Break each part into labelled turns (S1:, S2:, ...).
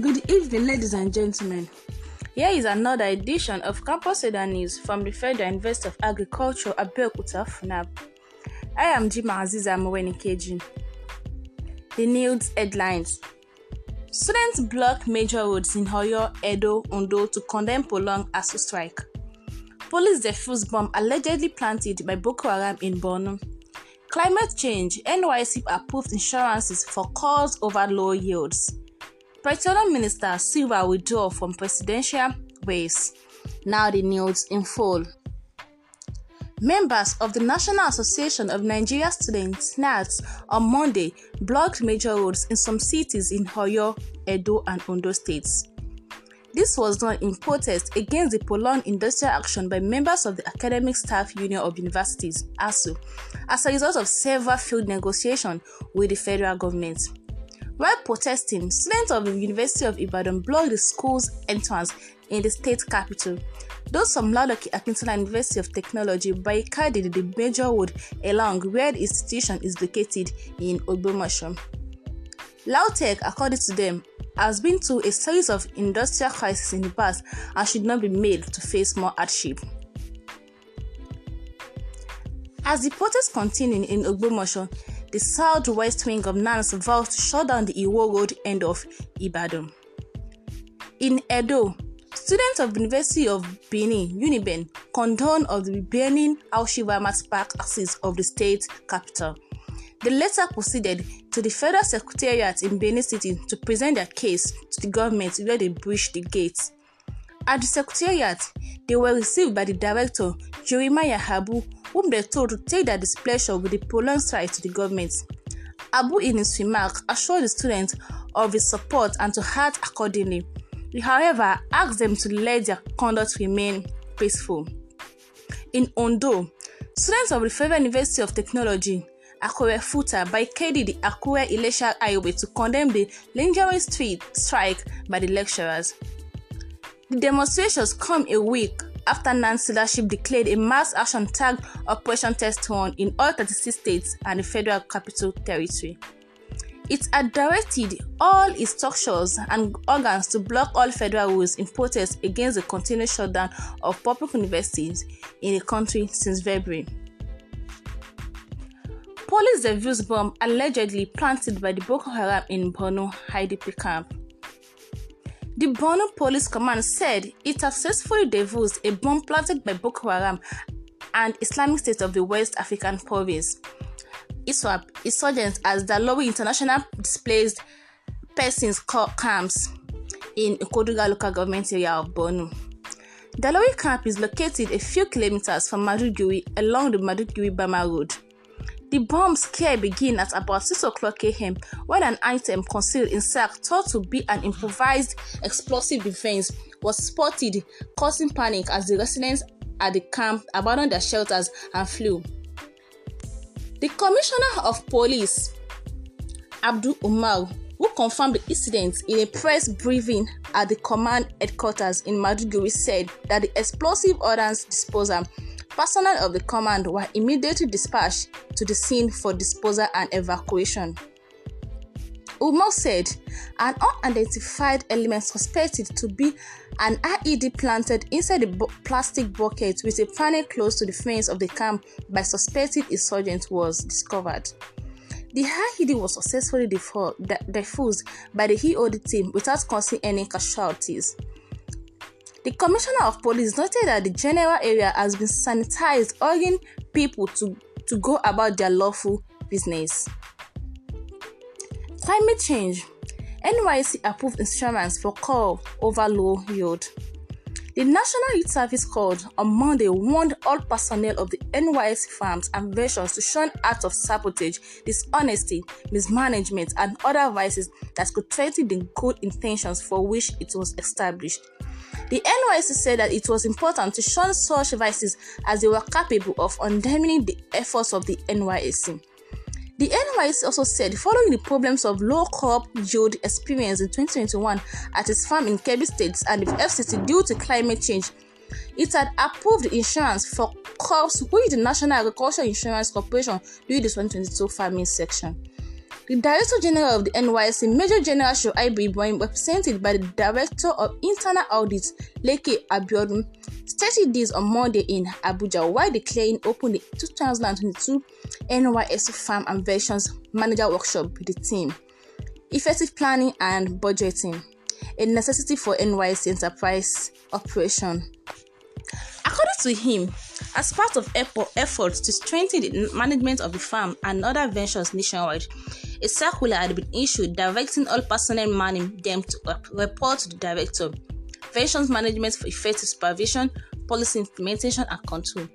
S1: Good evening, ladies and gentlemen. Here is another edition of Campus Eda News from the Federal University of Agriculture, Abeokuta, FUNAB. I am Jima Aziza Mwenikeji. The news headlines Students block major roads in Hoyo, Edo, Ondo to condemn prolonged ASU strike. Police defuse bomb allegedly planted by Boko Haram in Borno. Climate change NYC approved insurances for calls over low yields. Petroleum Minister Silva withdrew from presidential race. Now the news in full. Members of the National Association of Nigeria Students (NATS) on Monday blocked major roads in some cities in Hoyo, Edo, and Ondo states. This was done in protest against the prolonged industrial action by members of the Academic Staff Union of Universities (ASU) as a result of several failed negotiations with the federal government. While protesting, students of the University of Ibadan blocked the school's entrance in the state capital. Those from Ladaki Akintola University of Technology barricaded the major road along where the institution is located in Ogbomosham. Lautech, according to them, has been through a series of industrial crises in the past and should not be made to face more hardship. As the protests continue in Ogbomosham, the southwest wing of NANS vows to shut down the Iwo Road end of Ibadan. In Edo, students of University of Benin, Uniben, condone of the Benin Aushiva Mass Park axis of the state capital. The letter proceeded to the Federal Secretariat in Benin City to present their case to the government where they breached the gates. At the secretariat, they were received by the director, Jeremiah Habu, whom they told to take their displeasure with the prolonged strike to the government. Abu, in his assured the students of his support and to act accordingly. He, however, asked them to let their conduct remain peaceful. In Ondo, students of the Federal University of Technology, Akure Futa, barricaded the Akure Ilesha Highway to condemn the lingering street strike by the lecturers. The Demonstrations come a week after Nancy leadership declared a mass action tag Operation Test Run in all 36 states and the Federal Capital Territory. It had directed all its structures and organs to block all federal rules in protest against the continued shutdown of public universities in the country since February. Police defused bomb allegedly planted by the Boko Haram in Borno IDP camp. The Borno Police Command said it successfully defused a bomb planted by Boko Haram and Islamic State of the West African Province. ISWAP insurgents as Dalowi International displaced persons camps in Ikoduga local government area of Borno. Dalowi camp is located a few kilometers from Madugui along the Madugui Bama road. The bomb scare began at about 6 o'clock am when an item concealed in sack thought to be an improvised explosive device was spotted, causing panic as the residents at the camp abandoned their shelters and flew. The commissioner of police, Abdul Umar, who confirmed the incident in a press briefing at the command headquarters in Maduguri, said that the explosive ordnance disposal Personnel of the command were immediately dispatched to the scene for disposal and evacuation. Umo said an unidentified element suspected to be an IED planted inside a plastic bucket with a panel close to the fence of the camp by suspected insurgents was discovered. The IED was successfully defused by the HOD team without causing any casualties. The Commissioner of Police noted that the general area has been sanitized, urging people to, to go about their lawful business. Climate change. NYC approved instruments for coal over low yield. The National Youth Service called on Monday warned all personnel of the NYC farms and ventures to shun acts of sabotage, dishonesty, mismanagement, and other vices that could threaten the good intentions for which it was established. The NYC said that it was important to shun such vices as they were capable of undermining the efforts of the NYC. The NYC also said following the problems of low crop yield experience in 2021 at its farm in Kebbi State and the FCT due to climate change, it had approved insurance for crops with the National Agricultural Insurance Corporation during the 2022 farming section. The Director General of the NYC, Major General Shoaib Ibrahim, represented by the Director of Internal Audit, Leke Abiodun, stated this on Monday in Abuja while declaring open the 2022 NYSC Farm and Versions Manager Workshop with the team. Effective planning and budgeting, a necessity for NYC enterprise operation. According to him, as part of efforts to strengthen the management of the farm and other ventures nationwide, a circular had been issued directing all personnel manning them to report to the director. Pensions management for effective supervision, policy implementation, and control.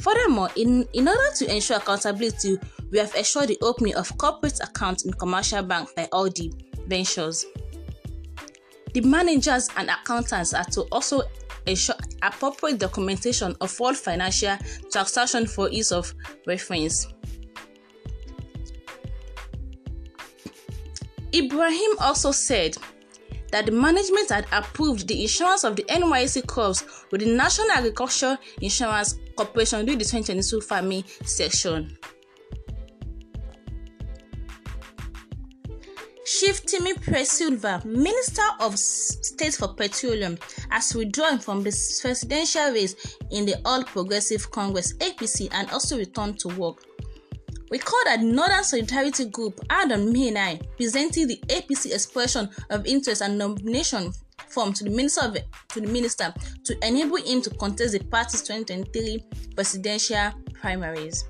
S1: Furthermore, in, in order to ensure accountability, we have ensured the opening of corporate accounts in commercial banks by all the ventures. The managers and accountants are to also ensure appropriate documentation of all financial transactions for ease of reference. Ibrahim also said that the management had approved the insurance of the NYC crops with the National Agricultural Insurance Corporation during the 2022 farming section. Chief Timmy Presilva, Minister of State for Petroleum, has withdrawn from the presidential race in the All Progressive Congress (APC) and also returned to work. We called at Northern Solidarity Group, Adam 9, presenting the APC expression of interest and nomination form to the minister of, to the minister to enable him to contest the party's 2023 presidential primaries.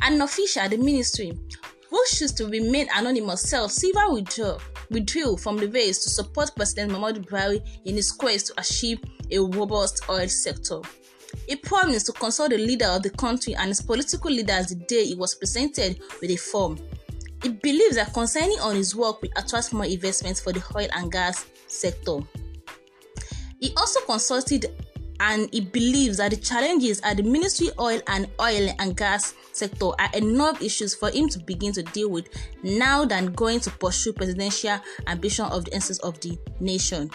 S1: An official at the ministry wishes to remain anonymous self Siva withdrew, withdrew from the race to support President Muhammadu Buhari in his quest to achieve a robust oil sector. He promised to consult the leader of the country and his political leaders the day he was presented with a form. He believes that consigning on his work will attract more investments for the oil and gas sector. He also consulted and he believes that the challenges at the ministry oil and oil and gas sector are enough issues for him to begin to deal with now than going to pursue presidential ambition of the essence of the nation.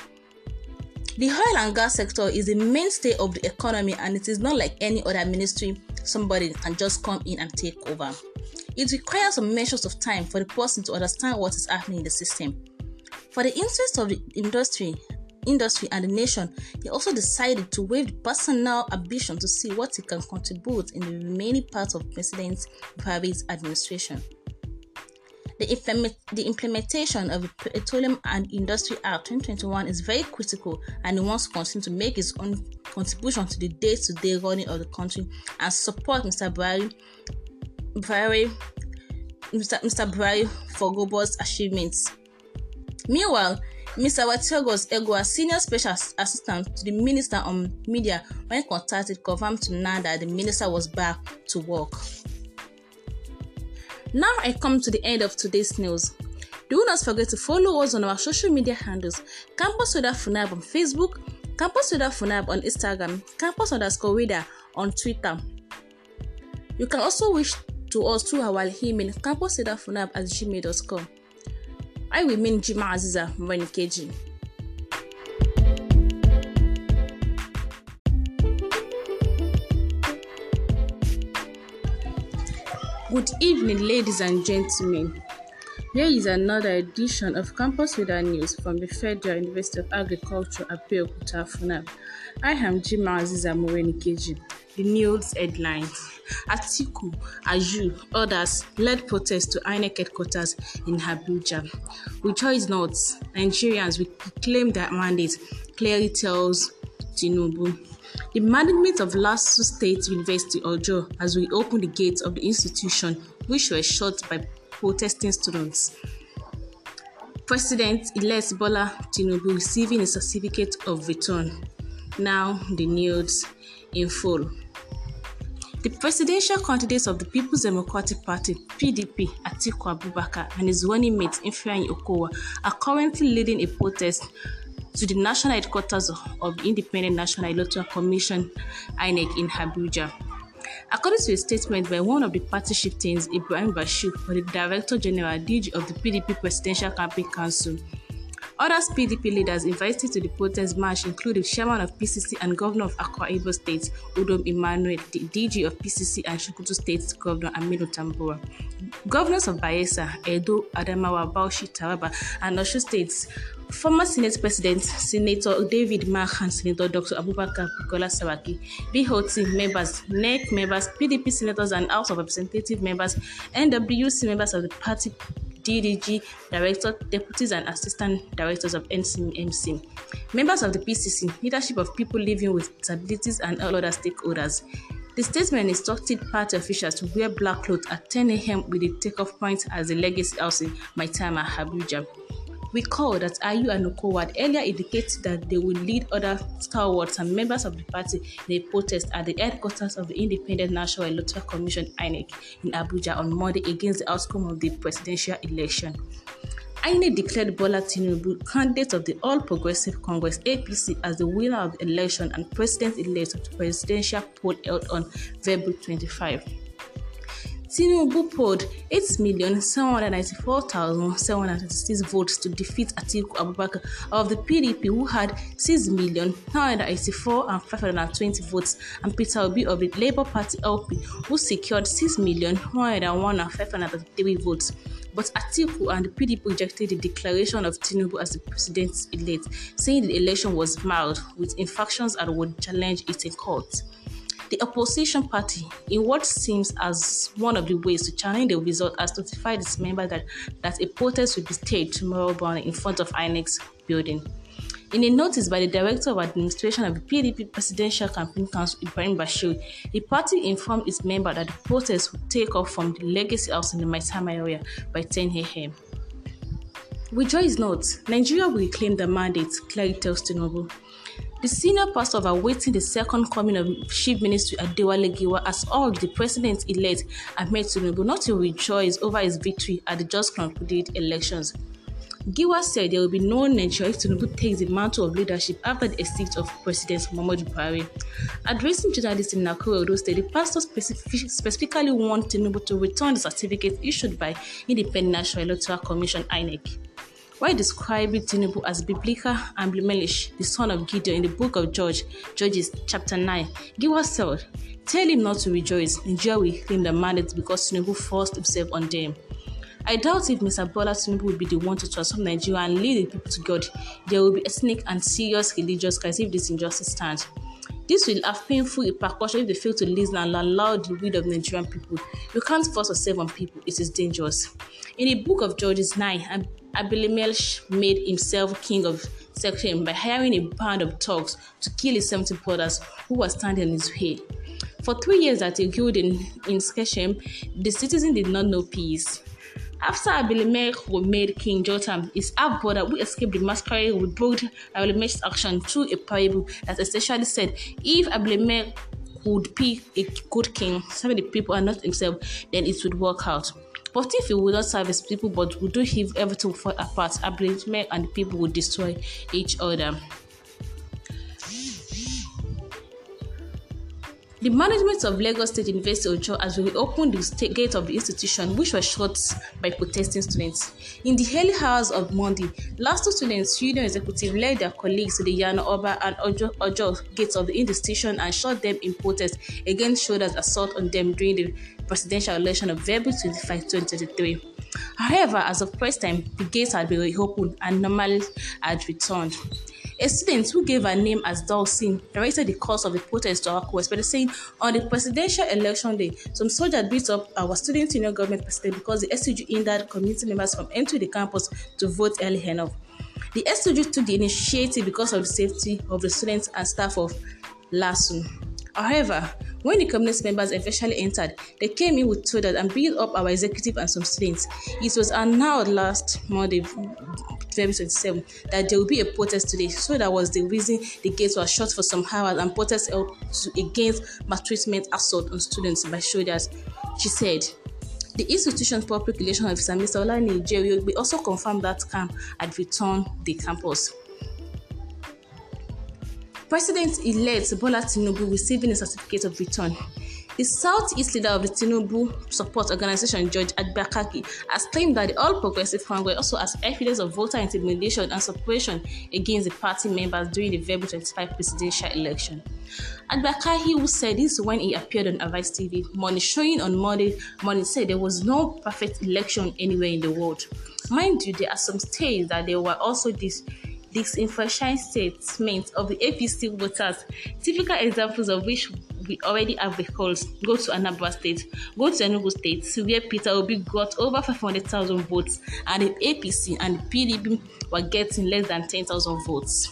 S1: The oil and gas sector is the mainstay of the economy and it is not like any other ministry somebody can just come in and take over. It requires some measures of time for the person to understand what is happening in the system. For the interest of the industry, industry and the nation, he also decided to waive personal ambition to see what he can contribute in the remaining part of President Buhari's administration. The, the, implementation of the Petroleum and Industry Act 2021 is very critical and it wants to continue to make its own contribution to the day to day running of the country and support Mr. Buhari, Buhari, Mr. Buhari for Gobo's achievements. Meanwhile, Mr. Watogos Egua, senior special assistant to the minister on media, when contacted, confirmed to now that the minister was back to work. Now I come to the end of today's news. Do not forget to follow us on our social media handles Campus Weda Funab on Facebook, Campus Weda Funab on Instagram, Campus underscore Weda on Twitter. You can also wish to us through our email campuswedafunab at gmail.com. I will mean Jima Aziza Mwenikeji. Good evening, ladies and gentlemen. Here is another edition of Campus Radar News from the Federal University of Agriculture, Abeokuta, Funab. I am Jima Aziza Morenikeji. The news headlines. Atiku, Aju, others led protest to INEC headquarters in Abuja. With choice not. Nigerians, we claim that mandate clearly tells Tinubu. The management of Lasso State University Ojo as we opened the gates of the institution, which were shut by protesting students. President Iles Bola Tinubu receiving a certificate of return. Now the news in full. The presidential candidates of the People's Democratic Party (PDP) Atiku Abubakar and his running mate Ifeanyi Okowa are currently leading a protest to the national headquarters of the Independent National Electoral Commission INEC in Abuja. According to a statement by one of the party chieftains, Ibrahim Bashir, the Director General DG of the PDP Presidential Campaign Council, other PDP leaders invited to the protest march include the chairman of PCC and governor of Akwa Ibom State, Udom Emmanuel, the DG of PCC and Sokoto State Governor Aminu Tambora. Governors of Bayelsa, Edo, Adamawa, Bauchi, Taraba, and Osun states Former Senate President Senator David Mark and Senator Dr. Abubakar Bukola Saraki, BOT members, NEC members, PDP senators and House of Representative members, NWC members of the party DDG, director, deputies, and assistant directors of NCMC, members of the PCC, leadership of people living with disabilities, and all other stakeholders. The statement instructed party officials to wear black clothes at 10 a.m. with the takeoff point as the legacy house in Maitama, Abuja. Recall that Ayu and Okowad earlier indicated that they would lead other stalwarts and members of the party in a protest at the headquarters of the Independent National Electoral Commission INEC in Abuja on Monday against the outcome of the presidential election. INEC declared Bola Tinubu candidate of the All Progressive Congress APC as the winner of the election and president-elect of the presidential poll held on February 25. Tinubu polled 8,794,736 votes to defeat Atiku Abubakar of the PDP, who had 6,984,520 votes, and Peter Obi of the Labour Party LP, who secured 6,101,533 votes but Atiku and the PDP rejected the declaration of Tinubu as the president-elect, saying the election was mild, with infractions and would challenge it in court. The opposition party, in what seems as one of the ways to challenge the result, has notified its members that, that a protest will be staged tomorrow morning in front of INEX building. In a notice by the Director of Administration of the PDP Presidential Campaign Council, Ibrahim Bashir, the party informed its members that the protest would take off from the Legacy House in the Maitama area by 10 a.m. With joy note, Nigeria will reclaim the mandate, Clary tells Tinubu. The senior pastor Awaiting the Second Coming of Chief Minister Adewale Giwa as all the president-elect Ahmed Tinubu not to rejoice over his victory at the just concluded elections. Giwa said there will be no nature if Tinubu takes the mantle of leadership after the exit of President Muhammadu Buhari. Addressing journalists in Nakuru, Odo State, the pastor specific, specifically warned Tinubu to return the certificate issued by Independent National Electoral Commission (INEC). Why describe Tinubu as biblical and blemish, the son of Gideon in the book of George, Judges chapter 9? Give us cell. Tell him not to rejoice. Nigeria will claim the mandate because Tinubu forced himself on them. I doubt if Mr. Bola Tinubu will be the one to transform Nigeria and lead the people to God. There will be ethnic and serious religious crisis if this injustice stands. This will have painful repercussions if they fail to listen and allow the will of Nigerian people. You can't force yourself on people, it is dangerous. In the book of Judges 9, Abimelech made himself king of Shechem by hiring a band of thugs to kill his 70 brothers who were standing in his way. For three years that he ruled in, in Shechem, the citizens did not know peace. After Abimelech was made king, Jotham, his half brother who escaped the masquerade, rebuked Abimelech's action through a parable that essentially said, If Abimelech would be a good king, serving the people and not himself, then it would work out. But if he would not service people but would do everything for apart, I and people would destroy each other. The management of Lagos State University Ojo has reopened the gate of the institution, which was shut by protesting students. In the early hours of Monday, last two students' union executive led their colleagues to the Yano Oba and Ojo, Ojo gates of the institution and shot them in protest against Shoda's assault on them during the presidential election of February 25, 2023. However, as of press time, the gates had been reopened and normal had returned. A student who gave her name as Dulcine narrated the cause of the protest to our by saying, On the presidential election day, some soldiers beat up our student union government president because the SUG hindered community members from entering the campus to vote early enough. The SUG took the initiative because of the safety of the students and staff of Lassu." However, when the communist members eventually entered, they came in with totals and built up our executive and some students. It was announced last Monday, February 27, that there will be a protest today. So that was the reason the gates were shut for some hours and protests against maltreatment assault on students by soldiers, she said. The institution's public relations officer, Mr. Ola Nigeria, will also confirmed that camp had returned the campus. President-elect Bola Tinubu receiving a certificate of return. The Southeast leader of the Tinubu support organization, George Adbakaki, has claimed that the All Progressive Congress also has evidence of voter intimidation and suppression against the party members during the February 25 presidential election. Adbakaki, who said this when he appeared on Advice TV, money showing on Monday, money said there was no perfect election anywhere in the world. Mind you, there are some states that there were also these disenfranchised segment of the APC voters, typical examples of which we already have the calls go to Anambra State, go to Enugu State, where Peter Obi got over 500,000 votes, and the APC and the PDP were getting less than 10,000 votes.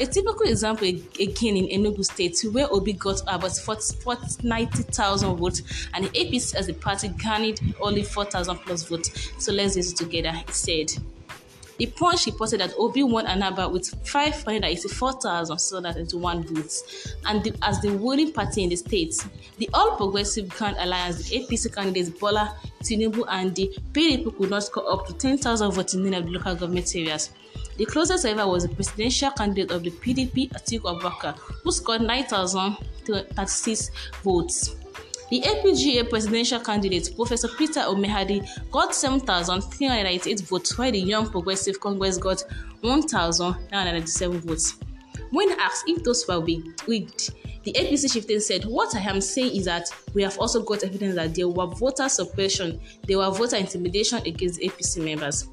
S1: A typical example again in Enugu State, where Obi got about 90,000 votes, and the APC as a party garnered only 4,000 plus votes. So let's do it together, he said. The Punch reported that Obi won Anaba with one votes, and the, as the ruling party in the state. The All Progressive Grand Alliance, the APC candidates Bola, Tinubu, and the PDP could not score up to 10,000 votes in the local government areas. The closest ever was the presidential candidate of the PDP, Atiku Abubakar, who scored 9,036 votes. The APGA presidential candidate, Professor Peter Omehadi, got 7,398 votes, while the Young Progressive Congress got 1,997 votes. When asked if those were rigged, the APC chieftain said, What I am saying is that we have also got evidence that there were voter suppression, there were voter intimidation against APC members.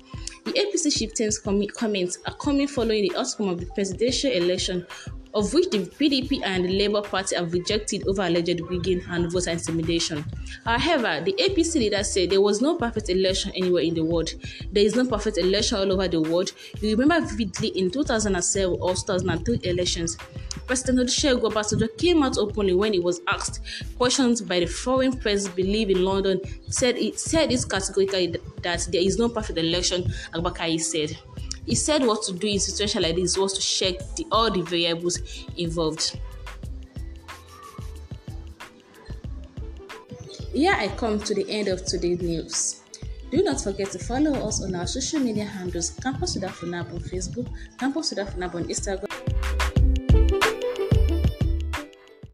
S1: The APC chieftain's com- comments are coming following the outcome of the presidential election, of which the PDP and the Labour Party have rejected over alleged rigging and voter intimidation. However, the APC leader said there was no perfect election anywhere in the world. There is no perfect election all over the world. You remember vividly in 2007 or 2003 elections, President Olusegun Obasanjo came out openly when he was asked questions by the foreign press believe in London, said it said this categorically that there is no perfect election, Abakari said. He said what to do in situation like this was to check the, all the variables involved. Here I come to the end of today's news. Do not forget to follow us on our social media handles Campus Sudafunab on Facebook, Campus Sudafunab on Instagram.